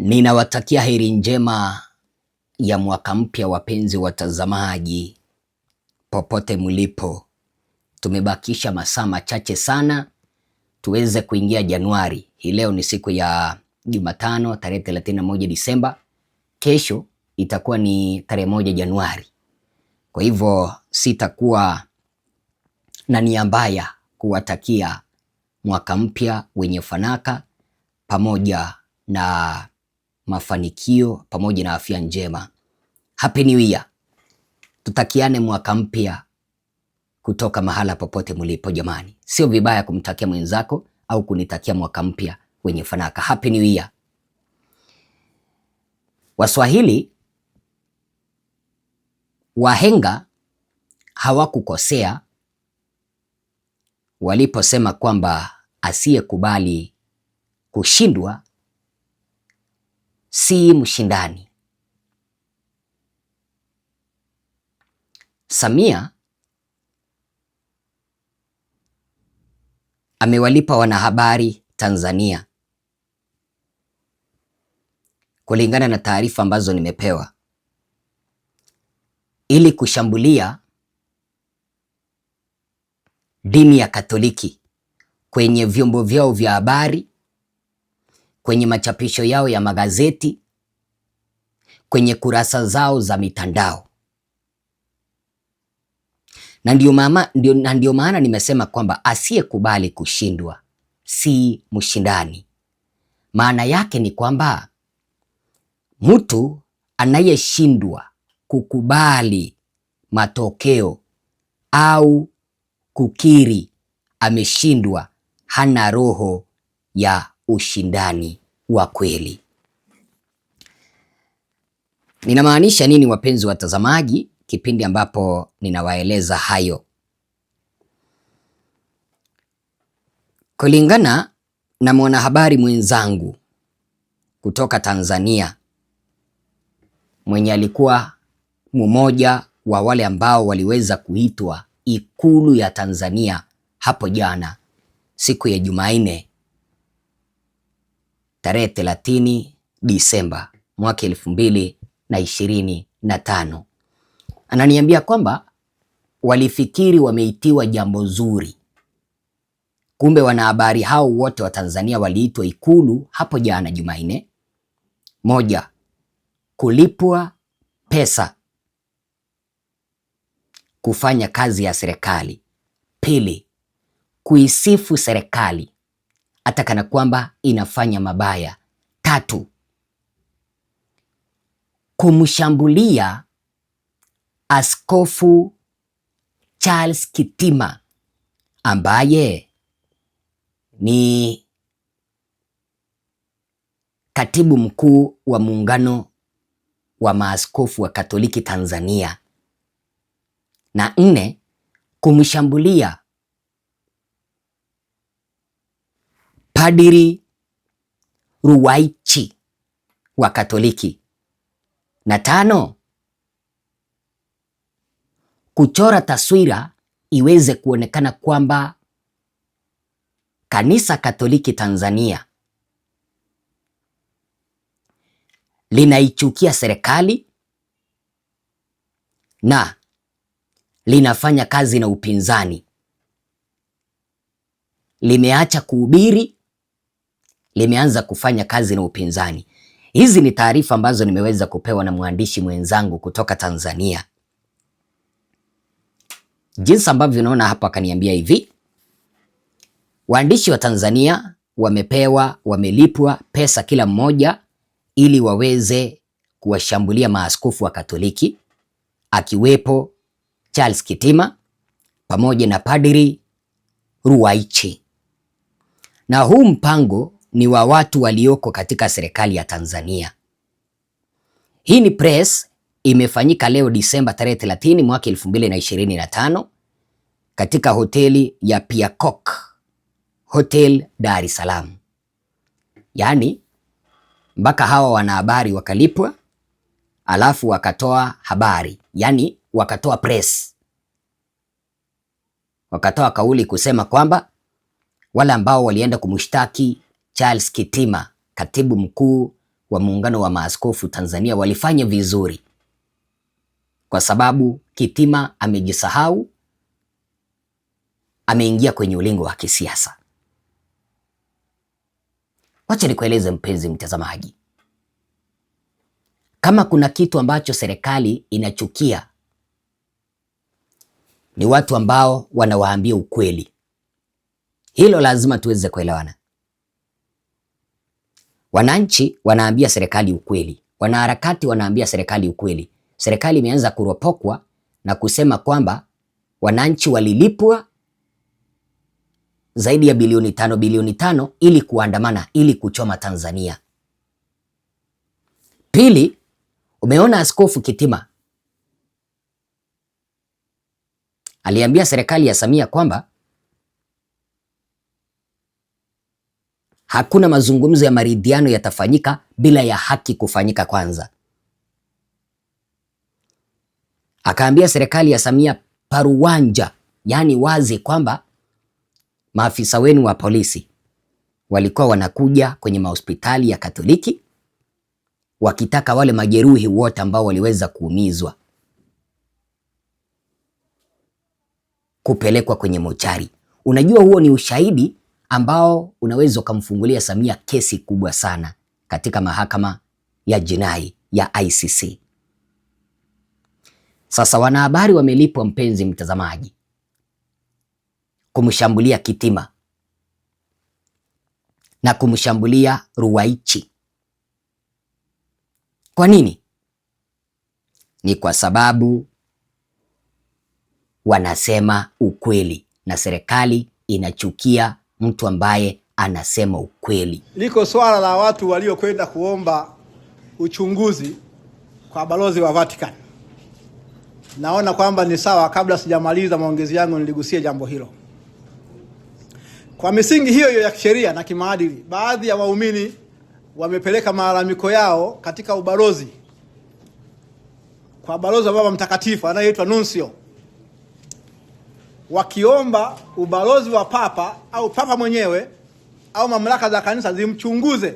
Ninawatakia heri njema ya mwaka mpya wapenzi watazamaji, popote mlipo. Tumebakisha masaa machache sana tuweze kuingia Januari. Hii leo ni siku ya Jumatano tarehe 31 Disemba, kesho itakuwa ni tarehe moja Januari. Kwa hivyo sitakuwa na nia mbaya kuwatakia mwaka mpya wenye fanaka pamoja na mafanikio pamoja na afya njema. Happy New Year. Tutakiane mwaka mpya kutoka mahala popote mlipo jamani. Sio vibaya kumtakia mwenzako au kunitakia mwaka mpya wenye fanaka. Happy New Year. Waswahili wahenga hawakukosea waliposema kwamba asiyekubali kushindwa si mshindani. Samia amewalipa wanahabari Tanzania kulingana na taarifa ambazo nimepewa ili kushambulia dini ya Katoliki kwenye vyombo vyao vya habari kwenye machapisho yao ya magazeti, kwenye kurasa zao za mitandao. Na ndio mama, ndio, na ndio maana nimesema kwamba asiyekubali kushindwa si mshindani. Maana yake ni kwamba mtu anayeshindwa kukubali matokeo au kukiri ameshindwa hana roho ya ushindani wa kweli. Ninamaanisha nini, wapenzi watazamaji, kipindi ambapo ninawaeleza hayo? Kulingana na mwanahabari mwenzangu kutoka Tanzania mwenye alikuwa mmoja wa wale ambao waliweza kuitwa Ikulu ya Tanzania hapo jana siku ya Jumanne tarehe 30 Disemba mwaka elfu mbili na ishirini na tano. Ananiambia kwamba walifikiri wameitiwa jambo zuri, kumbe wanahabari hao wote wa Tanzania waliitwa Ikulu hapo jana Jumanne. Moja, kulipwa pesa kufanya kazi ya serikali. Pili, kuisifu serikali hata kana kwamba inafanya mabaya. Tatu, kumshambulia Askofu Charles Kitima ambaye ni katibu mkuu wa muungano wa maaskofu wa Katoliki Tanzania. Na nne, kumshambulia Padiri Ruwaichi wa Katoliki. Na tano, kuchora taswira iweze kuonekana kwamba Kanisa Katoliki Tanzania linaichukia serikali na linafanya kazi na upinzani, limeacha kuhubiri limeanza kufanya kazi na upinzani. Hizi ni taarifa ambazo nimeweza kupewa na mwandishi mwenzangu kutoka Tanzania. Jinsi ambavyo unaona hapa, akaniambia hivi, waandishi wa Tanzania wamepewa, wamelipwa pesa kila mmoja ili waweze kuwashambulia maaskofu wa Katoliki akiwepo Charles Kitima pamoja na Padri Ruwaichi. Na huu mpango ni wa watu walioko katika serikali ya Tanzania. Hii ni press imefanyika leo Disemba tarehe 30 mwaka 2025 katika hoteli ya Peacock Hotel Dar es Salaam. Yaani mpaka hawa wanahabari wakalipwa alafu wakatoa habari, yaani wakatoa press, wakatoa kauli kusema kwamba wale ambao walienda kumshtaki Charles Kitima, katibu mkuu wa muungano wa maaskofu Tanzania, walifanya vizuri kwa sababu Kitima amejisahau, ameingia kwenye ulingo wa kisiasa. Wacha nikueleze mpenzi mtazamaji, kama kuna kitu ambacho serikali inachukia ni watu ambao wanawaambia ukweli. Hilo lazima tuweze kuelewana. Wananchi wanaambia serikali ukweli, wanaharakati wanaambia serikali ukweli. Serikali imeanza kuropokwa na kusema kwamba wananchi walilipwa zaidi ya bilioni tano bilioni tano ili kuandamana ili kuchoma Tanzania. Pili, umeona Askofu Kitima aliambia serikali ya Samia kwamba Hakuna mazungumzo ya maridhiano yatafanyika bila ya haki kufanyika kwanza. Akaambia serikali ya Samia paruwanja, yaani wazi kwamba maafisa wenu wa polisi walikuwa wanakuja kwenye mahospitali ya Katoliki wakitaka wale majeruhi wote ambao waliweza kuumizwa kupelekwa kwenye mochari. Unajua, huo ni ushahidi ambao unaweza ukamfungulia Samia kesi kubwa sana katika mahakama ya jinai ya ICC. Sasa wanahabari wamelipwa, mpenzi mtazamaji, kumshambulia Kitima na kumshambulia Ruwaichi. Kwa nini? Ni kwa sababu wanasema ukweli na serikali inachukia mtu ambaye anasema ukweli. Liko swala la watu waliokwenda kuomba uchunguzi kwa balozi wa Vatican. Naona kwamba ni sawa, kabla sijamaliza maongezi yangu niligusie jambo hilo. Kwa misingi hiyo hiyo ya kisheria na kimaadili, baadhi ya waumini wamepeleka malalamiko yao katika ubalozi kwa balozi wa Baba Mtakatifu anayeitwa Nuncio wakiomba ubalozi wa papa au papa mwenyewe au mamlaka za kanisa zimchunguze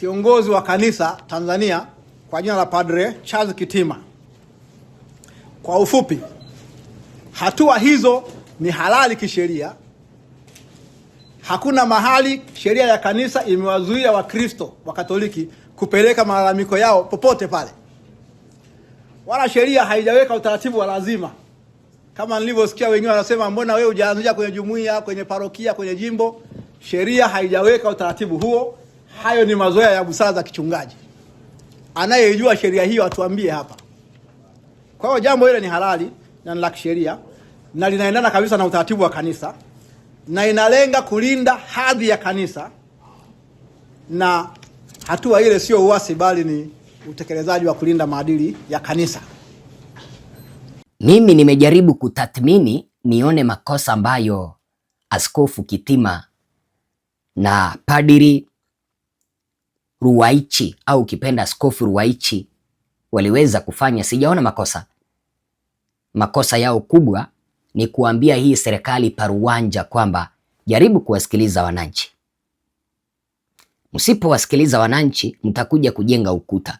kiongozi wa kanisa Tanzania kwa jina la Padre Charles Kitima. Kwa ufupi, hatua hizo ni halali kisheria. Hakuna mahali sheria ya kanisa imewazuia Wakristo wa Katoliki kupeleka malalamiko yao popote pale, wala sheria haijaweka utaratibu wa lazima kama nilivyosikia wenyewe wanasema mbona wewe hujaanzia kwenye jumuiya, kwenye parokia, kwenye jimbo? Sheria haijaweka utaratibu huo. Hayo ni mazoea ya busara za kichungaji. Anayejua sheria hiyo atuambie hapa. Kwa hiyo jambo hilo ni halali na ni la kisheria na linaendana kabisa na utaratibu wa kanisa na inalenga kulinda hadhi ya kanisa, na hatua ile sio uasi, bali ni utekelezaji wa kulinda maadili ya kanisa. Mimi nimejaribu kutathmini nione makosa ambayo Askofu Kitima na padiri Ruwaichi au ukipenda Askofu Ruwaichi waliweza kufanya. Sijaona makosa. Makosa yao kubwa ni kuambia hii serikali paruwanja kwamba jaribu kuwasikiliza wananchi. Msipowasikiliza wananchi, mtakuja kujenga ukuta.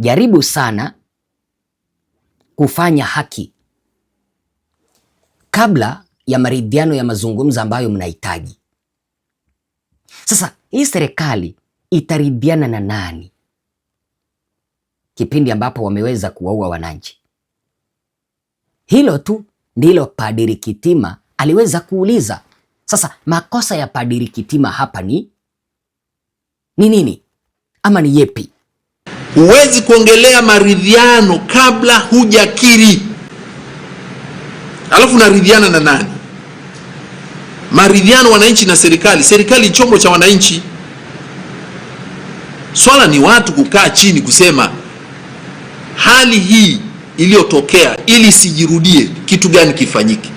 jaribu sana kufanya haki kabla ya maridhiano ya mazungumzo ambayo mnahitaji. Sasa hii serikali itaridhiana na nani kipindi ambapo wameweza kuwaua wananchi? Hilo tu ndilo Padiri Kitima aliweza kuuliza. Sasa makosa ya Padiri Kitima hapa ni ni nini ama ni yepi? Huwezi kuongelea maridhiano kabla hujakiri. Alafu naridhiana na nani? Maridhiano wananchi na serikali. Serikali chombo cha wananchi. Swala ni watu kukaa chini kusema hali hii iliyotokea ili sijirudie kitu gani kifanyike?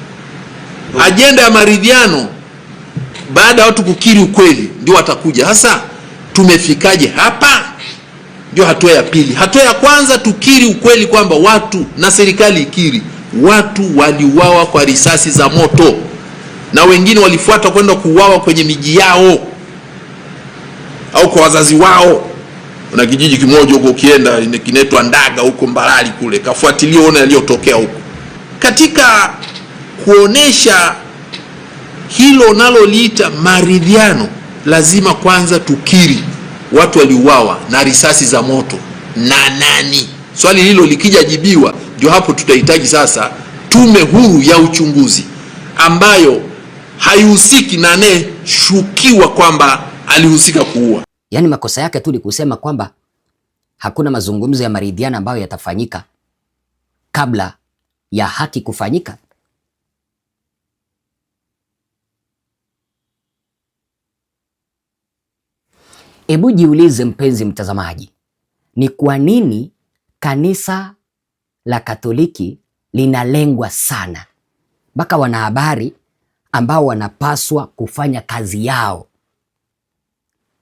Ajenda ya maridhiano baada ya watu kukiri ukweli ndio watakuja sasa, tumefikaje hapa? ndio hatua ya pili. Hatua ya kwanza tukiri ukweli kwamba watu na serikali ikiri, watu waliuawa kwa risasi za moto na wengine walifuata kwenda kuuawa kwenye miji yao au kwa wazazi wao. Na kijiji kimoja huko ukienda kinaitwa Ndaga huko Mbarali kule, kafuatilia uone yaliyotokea huko. Katika kuonesha hilo naloliita maridhiano, lazima kwanza tukiri watu waliuawa na risasi za moto na nani? Swali hilo likija jibiwa, ndio hapo tutahitaji sasa tume huru ya uchunguzi ambayo haihusiki na anayeshukiwa kwamba alihusika kuua. Yaani makosa yake tu ni kusema kwamba hakuna mazungumzo ya maridhiano ambayo yatafanyika kabla ya haki kufanyika. Hebu jiulize mpenzi mtazamaji, ni kwa nini kanisa la Katoliki linalengwa sana mpaka wanahabari ambao wanapaswa kufanya kazi yao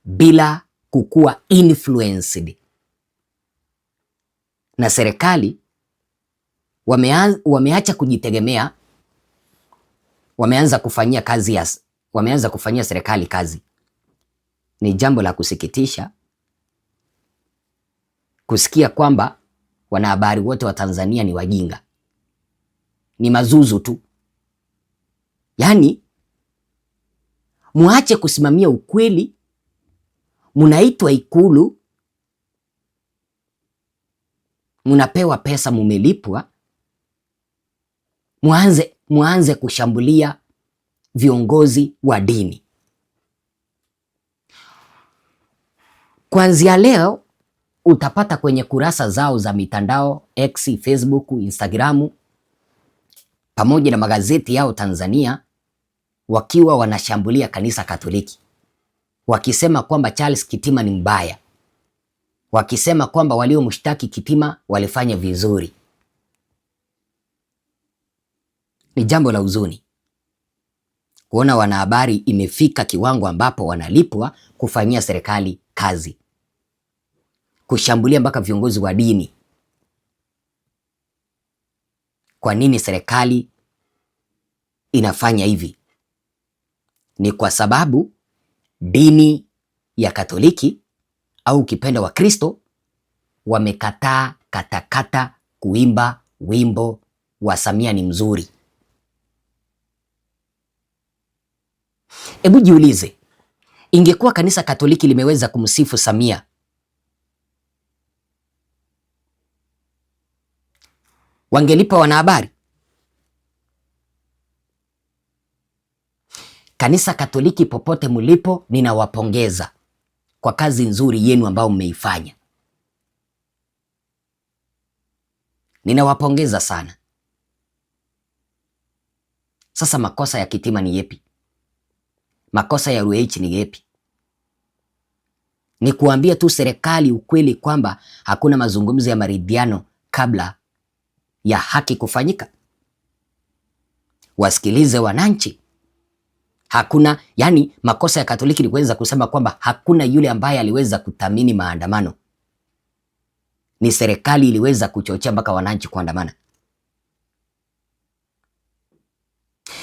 bila kukuwa influenced na serikali wamea, wameacha kujitegemea, wameanza kufanyia kazi ya, wameanza kufanyia serikali kazi. Ni jambo la kusikitisha kusikia kwamba wanahabari wote wa Tanzania ni wajinga, ni mazuzu tu. Yaani muache kusimamia ukweli, munaitwa Ikulu, munapewa pesa, mumelipwa, muanze muanze kushambulia viongozi wa dini. Kuanzia leo utapata kwenye kurasa zao za mitandao X, Facebook, Instagram pamoja na magazeti yao Tanzania, wakiwa wanashambulia kanisa Katoliki, wakisema kwamba Charles Kitima ni mbaya, wakisema kwamba waliomshtaki Kitima walifanya vizuri. Ni jambo la huzuni kuona wanahabari imefika kiwango ambapo wanalipwa kufanyia serikali kazi kushambulia mpaka viongozi wa dini. Kwa nini serikali inafanya hivi? Ni kwa sababu dini ya Katoliki au ukipenda Wakristo wamekataa katakata kuimba wimbo wa Samia ni mzuri. Hebu jiulize, ingekuwa kanisa Katoliki limeweza kumsifu Samia wangelipa wanahabari? Kanisa Katoliki popote mlipo, ninawapongeza kwa kazi nzuri yenu ambayo mmeifanya, ninawapongeza sana. Sasa makosa ya Kitima ni yepi? Makosa ya Rueichi ni yepi? Ni kuambia tu serikali ukweli kwamba hakuna mazungumzo ya maridhiano kabla ya haki kufanyika. Wasikilize wananchi. Hakuna yani, makosa ya Katoliki ni kuweza kusema kwamba hakuna yule ambaye aliweza kuthamini maandamano. Ni serikali iliweza kuchochea mpaka wananchi kuandamana.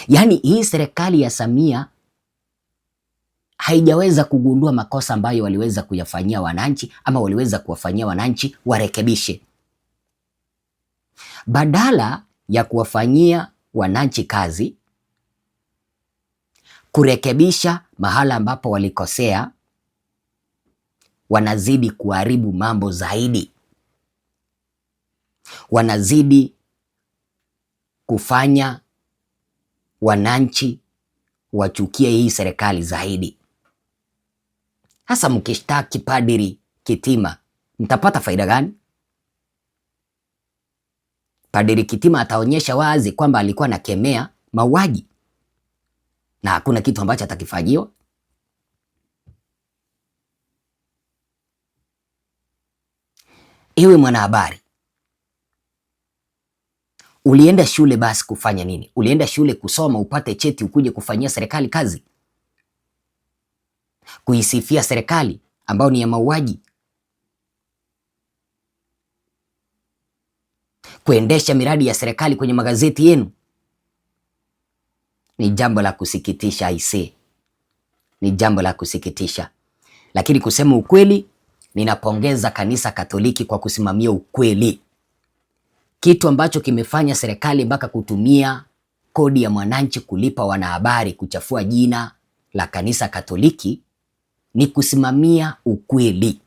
Yaani hii serikali ya Samia haijaweza kugundua makosa ambayo waliweza kuyafanyia wananchi ama waliweza kuwafanyia wananchi warekebishe badala ya kuwafanyia wananchi kazi, kurekebisha mahala ambapo walikosea, wanazidi kuharibu mambo zaidi, wanazidi kufanya wananchi wachukie hii serikali zaidi. Hasa mkishtaki Padri Kitima mtapata faida gani? Padri Kitima ataonyesha wazi kwamba alikuwa anakemea mauaji na hakuna kitu ambacho atakifanyiwa. Iwe mwanahabari, ulienda shule basi kufanya nini? Ulienda shule kusoma upate cheti ukuje kufanyia serikali kazi, kuisifia serikali ambayo ni ya mauaji? kuendesha miradi ya serikali kwenye magazeti yenu. Ni jambo la kusikitisha aisee, ni jambo la kusikitisha. Lakini kusema ukweli, ninapongeza kanisa Katoliki kwa kusimamia ukweli, kitu ambacho kimefanya serikali mpaka kutumia kodi ya mwananchi kulipa wanahabari kuchafua jina la kanisa Katoliki ni kusimamia ukweli.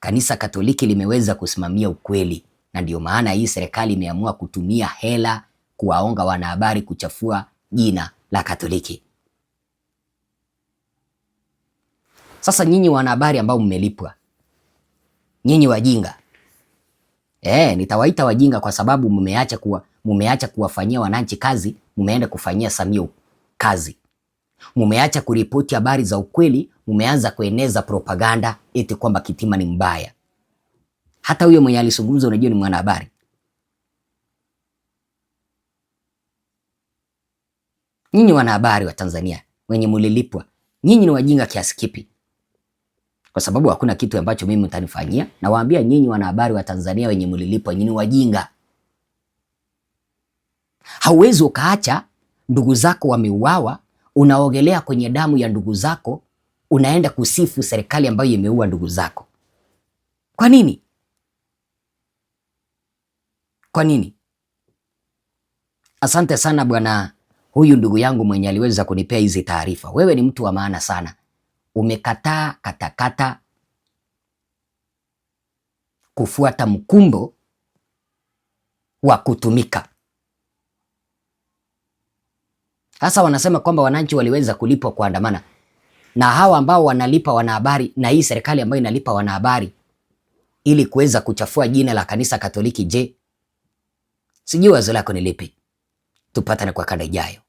Kanisa Katoliki limeweza kusimamia ukweli na ndio maana hii serikali imeamua kutumia hela kuwaonga wanahabari kuchafua jina la Katoliki. Sasa nyinyi wanahabari ambao mmelipwa, nyinyi wajinga e, nitawaita wajinga kwa sababu mmeacha kuwa mumeacha kuwafanyia wananchi kazi, mumeenda kufanyia Samia kazi. Mumeacha kuripoti habari za ukweli, mumeanza kueneza propaganda eti kwamba Kitima ni mbaya hata huyo mwenye alizungumza unajua ni mwanahabari. Nyinyi wanahabari wa Tanzania wenye mulilipwa, nyinyi ni wajinga kiasi kipi? Kwa sababu hakuna kitu ambacho mimi mtanifanyia. Nawaambia nyinyi wanahabari wa Tanzania wenye mulilipwa, nyinyi wajinga. Hauwezi ukaacha ndugu zako wameuawa, unaogelea kwenye damu ya ndugu zako, unaenda kusifu serikali ambayo imeua ndugu zako. Kwa nini? Kwa nini? Asante sana bwana huyu ndugu yangu mwenye aliweza kunipea hizi taarifa. Wewe ni mtu wa maana sana. Umekataa katakata kufuata mkumbo wa kutumika. Hasa wanasema kwamba wananchi waliweza kulipwa kuandamana, na hawa ambao wanalipa wanahabari na hii serikali ambayo inalipa wanahabari ili kuweza kuchafua jina la kanisa Katoliki, je, Sijui wazo lako ni lipi. Tupatane kwa kanda ijayo.